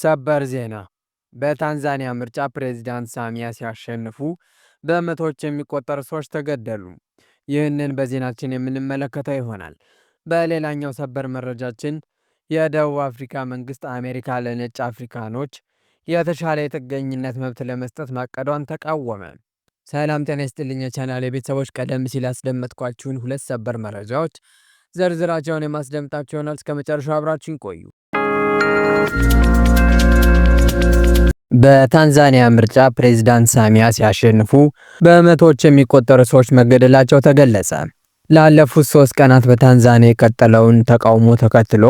ሰበር ዜና በታንዛኒያ ምርጫ ፕሬዝዳንት ሳሚያ ሲያሸንፉ በመቶዎች የሚቆጠሩ ሰዎች ተገደሉ። ይህንን በዜናችን የምንመለከተው ይሆናል። በሌላኛው ሰበር መረጃችን የደቡብ አፍሪካ መንግስት አሜሪካ ለነጭ አፍሪካኖች የተሻለ የጥገኝነት መብት ለመስጠት ማቀዷን ተቃወመ። ሰላም ጤና ይስጥልኝ ቻናል የቤተሰቦች፣ ቀደም ሲል ያስደመጥኳችሁን ሁለት ሰበር መረጃዎች ዝርዝራቸውን የማስደምጣችሁ ይሆናል። እስከ መጨረሻው አብራችን ቆዩ። በታንዛኒያ ምርጫ ፕሬዝዳንት ሳሚያ ሲያሸንፉ በመቶዎች የሚቆጠሩ ሰዎች መገደላቸው ተገለጸ። ላለፉት ሶስት ቀናት በታንዛኒያ የቀጠለውን ተቃውሞ ተከትሎ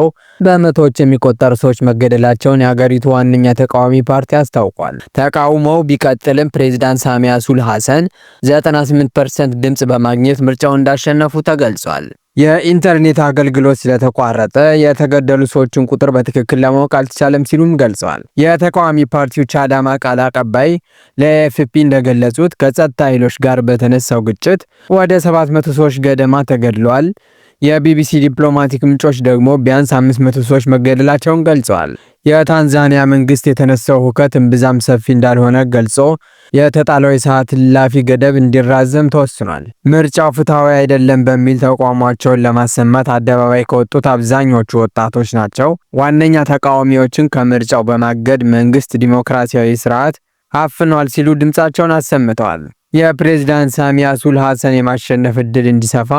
በመቶዎች የሚቆጠሩ ሰዎች መገደላቸውን የአገሪቱ ዋነኛ ተቃዋሚ ፓርቲ አስታውቋል። ተቃውሞው ቢቀጥልም ፕሬዝዳንት ሳሚያ ሱሉ ሐሰን 98 ድምፅ በማግኘት ምርጫውን እንዳሸነፉ ተገልጿል። የኢንተርኔት አገልግሎት ስለተቋረጠ የተገደሉ ሰዎችን ቁጥር በትክክል ለማወቅ አልተቻለም ሲሉም ገልጸዋል። የተቃዋሚ ፓርቲዎች አዳማ ቃል አቀባይ ለኤፍፒ እንደገለጹት ከጸጥታ ኃይሎች ጋር በተነሳው ግጭት ወደ 700 ሰዎች ገደማ ተገድለዋል። የቢቢሲ ዲፕሎማቲክ ምንጮች ደግሞ ቢያንስ 500 ሰዎች መገደላቸውን ገልጸዋል። የታንዛኒያ መንግስት የተነሳው ሁከት እምብዛም ሰፊ እንዳልሆነ ገልጾ የተጣለው የሰዓት እላፊ ገደብ እንዲራዘም ተወስኗል። ምርጫው ፍትሐዊ አይደለም በሚል ተቋማቸውን ለማሰማት አደባባይ ከወጡት አብዛኞቹ ወጣቶች ናቸው። ዋነኛ ተቃዋሚዎችን ከምርጫው በማገድ መንግስት ዲሞክራሲያዊ ስርዓት አፍኗል ሲሉ ድምፃቸውን አሰምተዋል። የፕሬዝዳንት ሳሚያ ሱሉሁ ሐሰን የማሸነፍ እድል እንዲሰፋ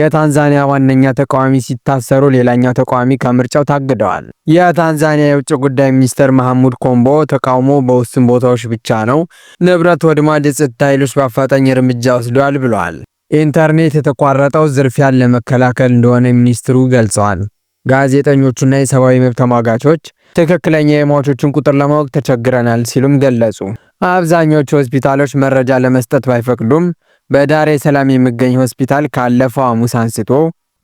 የታንዛኒያ ዋነኛ ተቃዋሚ ሲታሰሩ ሌላኛው ተቃዋሚ ከምርጫው ታግደዋል። የታንዛኒያ የውጭ ጉዳይ ሚኒስትር መሐሙድ ኮምቦ ተቃውሞ በውስን ቦታዎች ብቻ ነው፣ ንብረት ወድማ የጸጥታ ኃይሎች በአፋጣኝ እርምጃ ወስደዋል ብለዋል። ኢንተርኔት የተቋረጠው ዝርፊያን ለመከላከል እንደሆነ ሚኒስትሩ ገልጸዋል። ጋዜጠኞቹና የሰብአዊ መብት ተሟጋቾች ትክክለኛ የሟቾችን ቁጥር ለማወቅ ተቸግረናል ሲሉም ገለጹ። አብዛኞቹ ሆስፒታሎች መረጃ ለመስጠት ባይፈቅዱም በዳሬ ሰላም የሚገኝ ሆስፒታል ካለፈው ሐሙስ አንስቶ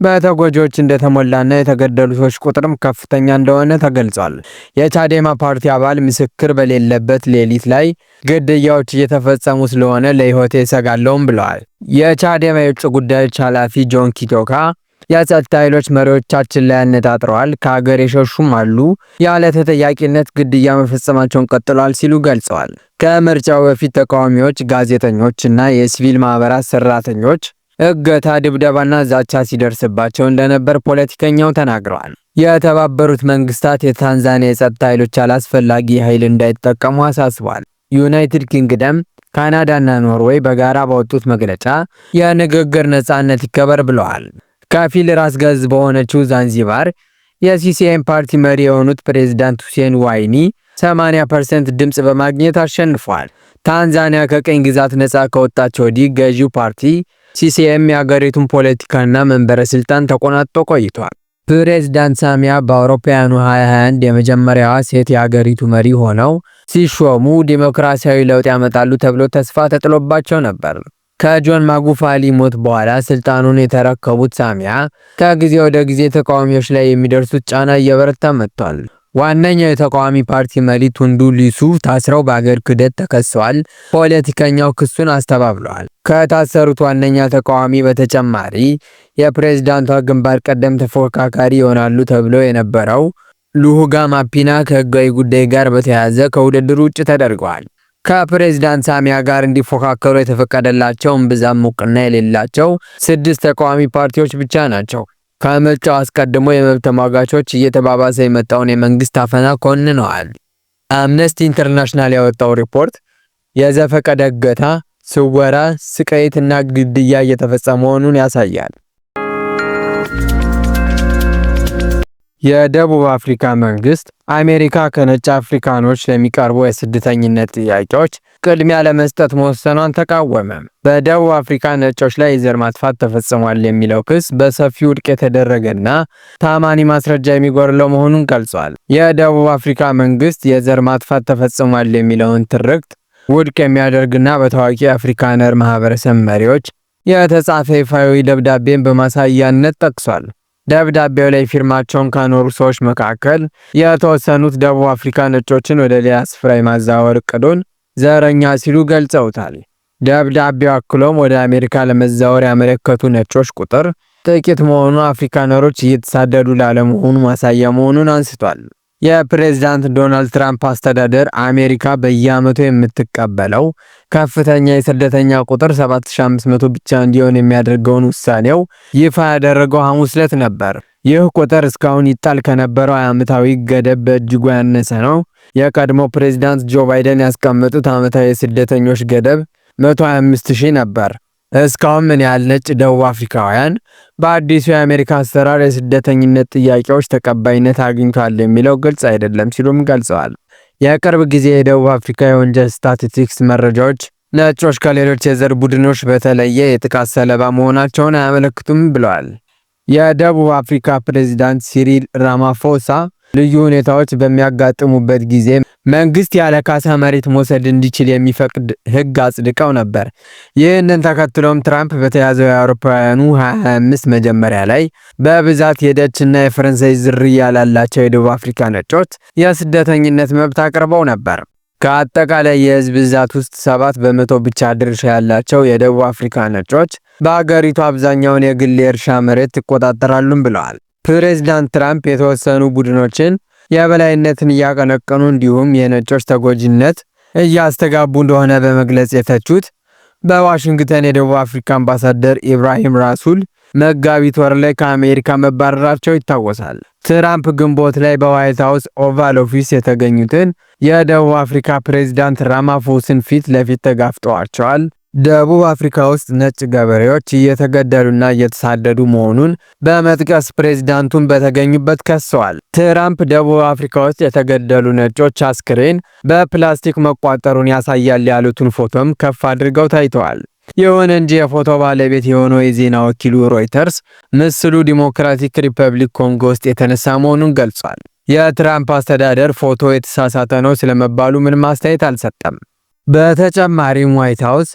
በተጎጂዎች እንደተሞላና የተገደሉ ሰዎች ቁጥርም ከፍተኛ እንደሆነ ተገልጿል። የቻዴማ ፓርቲ አባል ምስክር በሌለበት ሌሊት ላይ ግድያዎች እየተፈጸሙ ስለሆነ ለሕይወቴ እሰጋለሁም ብለዋል። የቻዴማ የውጭ ጉዳዮች ኃላፊ ጆን ኪቶካ የጸጥታ ኃይሎች መሪዎቻችን ላይ አነጣጥረዋል። ከሀገር የሸሹም አሉ፣ ያለ ተጠያቂነት ግድያ መፈጸማቸውን ቀጥሏል ሲሉ ገልጸዋል። ከምርጫው በፊት ተቃዋሚዎች፣ ጋዜጠኞች እና የሲቪል ማህበራት ሰራተኞች እገታ፣ ድብደባና ዛቻ ሲደርስባቸው እንደነበር ፖለቲከኛው ተናግረዋል። የተባበሩት መንግስታት የታንዛኒያ የጸጥታ ኃይሎች አላስፈላጊ ኃይል እንዳይጠቀሙ አሳስቧል። ዩናይትድ ኪንግደም ካናዳና ኖርዌይ በጋራ ባወጡት መግለጫ የንግግር ነጻነት ይከበር ብለዋል። ከፊል ራስ ገዝ በሆነችው ዛንዚባር የሲሲኤም ፓርቲ መሪ የሆኑት ፕሬዝዳንት ሁሴን ዋይኒ 80 ድምፅ በማግኘት አሸንፏል። ታንዛኒያ ከቅኝ ግዛት ነፃ ከወጣች ወዲህ ገዢው ፓርቲ ሲሲኤም የአገሪቱን ፖለቲካና መንበረ ስልጣን ተቆናጦ ቆይቷል። ፕሬዝዳንት ሳሚያ በአውሮፓውያኑ 2021 የመጀመሪያዋ ሴት የአገሪቱ መሪ ሆነው ሲሾሙ ዲሞክራሲያዊ ለውጥ ያመጣሉ ተብሎ ተስፋ ተጥሎባቸው ነበር። ከጆን ማጉፋሊ ሞት በኋላ ስልጣኑን የተረከቡት ሳሚያ ከጊዜ ወደ ጊዜ ተቃዋሚዎች ላይ የሚደርሱት ጫና እየበረታ መጥቷል። ዋነኛው የተቃዋሚ ፓርቲ መሪ ቱንዱ ሊሱ ታስረው በአገር ክህደት ተከሰዋል። ፖለቲከኛው ክሱን አስተባብለዋል። ከታሰሩት ዋነኛ ተቃዋሚ በተጨማሪ የፕሬዝዳንቷ ግንባር ቀደም ተፎካካሪ ይሆናሉ ተብሎ የነበረው ሉሁጋ ማፒና ከህጋዊ ጉዳይ ጋር በተያያዘ ከውድድር ውጭ ተደርገዋል። ከፕሬዝዳንት ሳሚያ ጋር እንዲፎካከሩ የተፈቀደላቸውም ብዛም እውቅና የሌላቸው ስድስት ተቃዋሚ ፓርቲዎች ብቻ ናቸው። ከምርጫው አስቀድሞ የመብት ተሟጋቾች እየተባባሰ የመጣውን የመንግስት አፈና ኮንነዋል። አምነስቲ ኢንተርናሽናል ያወጣው ሪፖርት የዘፈቀደ እገታ፣ ስወራ፣ ስቅይትና ግድያ እየተፈጸመ መሆኑን ያሳያል። የደቡብ አፍሪካ መንግስት አሜሪካ ከነጭ አፍሪካኖች ለሚቀርቡ የስደተኝነት ጥያቄዎች ቅድሚያ ለመስጠት መወሰኗን ተቃወመ። በደቡብ አፍሪካ ነጮች ላይ የዘር ማጥፋት ተፈጽሟል የሚለው ክስ በሰፊው ውድቅ የተደረገና ታማኒ ማስረጃ የሚጎርለው መሆኑን ገልጿል። የደቡብ አፍሪካ መንግስት የዘር ማጥፋት ተፈጽሟል የሚለውን ትርክት ውድቅ የሚያደርግና በታዋቂ አፍሪካነር ማህበረሰብ መሪዎች የተጻፈ ይፋዊ ደብዳቤን በማሳያነት ጠቅሷል። ደብዳቤው ላይ ፊርማቸውን ካኖሩ ሰዎች መካከል የተወሰኑት ደቡብ አፍሪካ ነጮችን ወደ ሌላ ስፍራ የማዛወር እቅዱን ዘረኛ ሲሉ ገልጸውታል። ደብዳቤው አክሎም ወደ አሜሪካ ለመዛወር ያመለከቱ ነጮች ቁጥር ጥቂት መሆኑ አፍሪካነሮች እየተሳደዱ ላለመሆኑ ማሳያ መሆኑን አንስቷል። የፕሬዚዳንት ዶናልድ ትራምፕ አስተዳደር አሜሪካ በየዓመቱ የምትቀበለው ከፍተኛ የስደተኛ ቁጥር 7500 ብቻ እንዲሆን የሚያደርገውን ውሳኔው ይፋ ያደረገው ሐሙስ ዕለት ነበር። ይህ ቁጥር እስካሁን ይጣል ከነበረው ዓመታዊ ገደብ በእጅጉ ያነሰ ነው። የቀድሞ ፕሬዚዳንት ጆ ባይደን ያስቀመጡት ዓመታዊ የስደተኞች ገደብ 125000 ነበር። እስካሁን ምን ያህል ነጭ ደቡብ አፍሪካውያን በአዲሱ የአሜሪካ አሰራር የስደተኝነት ጥያቄዎች ተቀባይነት አግኝቷል የሚለው ግልጽ አይደለም ሲሉም ገልጸዋል። የቅርብ ጊዜ የደቡብ አፍሪካ የወንጀል ስታቲስቲክስ መረጃዎች ነጮች ከሌሎች የዘር ቡድኖች በተለየ የጥቃት ሰለባ መሆናቸውን አያመለክቱም ብለዋል። የደቡብ አፍሪካ ፕሬዚዳንት ሲሪል ራማፎሳ ልዩ ሁኔታዎች በሚያጋጥሙበት ጊዜ መንግስት ያለ ካሳ መሬት መውሰድ እንዲችል የሚፈቅድ ህግ አጽድቀው ነበር። ይህንን ተከትሎም ትራምፕ በተያዘው የአውሮፓውያኑ 25 መጀመሪያ ላይ በብዛት የደችና የፈረንሳይ ዝርያ ላላቸው የደቡብ አፍሪካ ነጮች የስደተኝነት መብት አቅርበው ነበር። ከአጠቃላይ የህዝብ ብዛት ውስጥ ሰባት በመቶ ብቻ ድርሻ ያላቸው የደቡብ አፍሪካ ነጮች በአገሪቱ አብዛኛውን የግል የእርሻ መሬት ይቆጣጠራሉም ብለዋል። ፕሬዚዳንት ትራምፕ የተወሰኑ ቡድኖችን የበላይነትን እያቀነቀኑ እንዲሁም የነጮች ተጎጂነት እያስተጋቡ እንደሆነ በመግለጽ የተቹት በዋሽንግተን የደቡብ አፍሪካ አምባሳደር ኢብራሂም ራሱል መጋቢት ወር ላይ ከአሜሪካ መባረራቸው ይታወሳል። ትራምፕ ግንቦት ላይ በዋይት ሃውስ ኦቫል ኦፊስ የተገኙትን የደቡብ አፍሪካ ፕሬዚዳንት ራማፎስን ፊት ለፊት ተጋፍጠዋቸዋል። ደቡብ አፍሪካ ውስጥ ነጭ ገበሬዎች እየተገደሉና እየተሳደዱ መሆኑን በመጥቀስ ፕሬዚዳንቱን በተገኙበት ከሰዋል። ትራምፕ ደቡብ አፍሪካ ውስጥ የተገደሉ ነጮች አስክሬን በፕላስቲክ መቋጠሩን ያሳያል ያሉትን ፎቶም ከፍ አድርገው ታይተዋል። ይሁን እንጂ የፎቶ ባለቤት የሆነው የዜና ወኪሉ ሮይተርስ ምስሉ ዲሞክራቲክ ሪፐብሊክ ኮንጎ ውስጥ የተነሳ መሆኑን ገልጿል። የትራምፕ አስተዳደር ፎቶ የተሳሳተ ነው ስለመባሉ ምንም አስተያየት አልሰጠም። በተጨማሪም ዋይት ሃውስ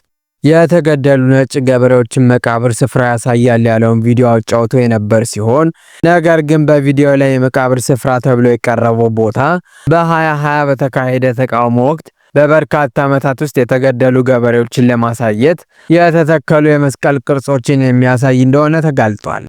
የተገደሉ ነጭ ገበሬዎችን መቃብር ስፍራ ያሳያል ያለውን ቪዲዮ አጫውቶ የነበር ሲሆን ነገር ግን በቪዲዮ ላይ የመቃብር ስፍራ ተብሎ የቀረበው ቦታ በ2020 በተካሄደ ተቃውሞ ወቅት በበርካታ ዓመታት ውስጥ የተገደሉ ገበሬዎችን ለማሳየት የተተከሉ የመስቀል ቅርጾችን የሚያሳይ እንደሆነ ተጋልጧል።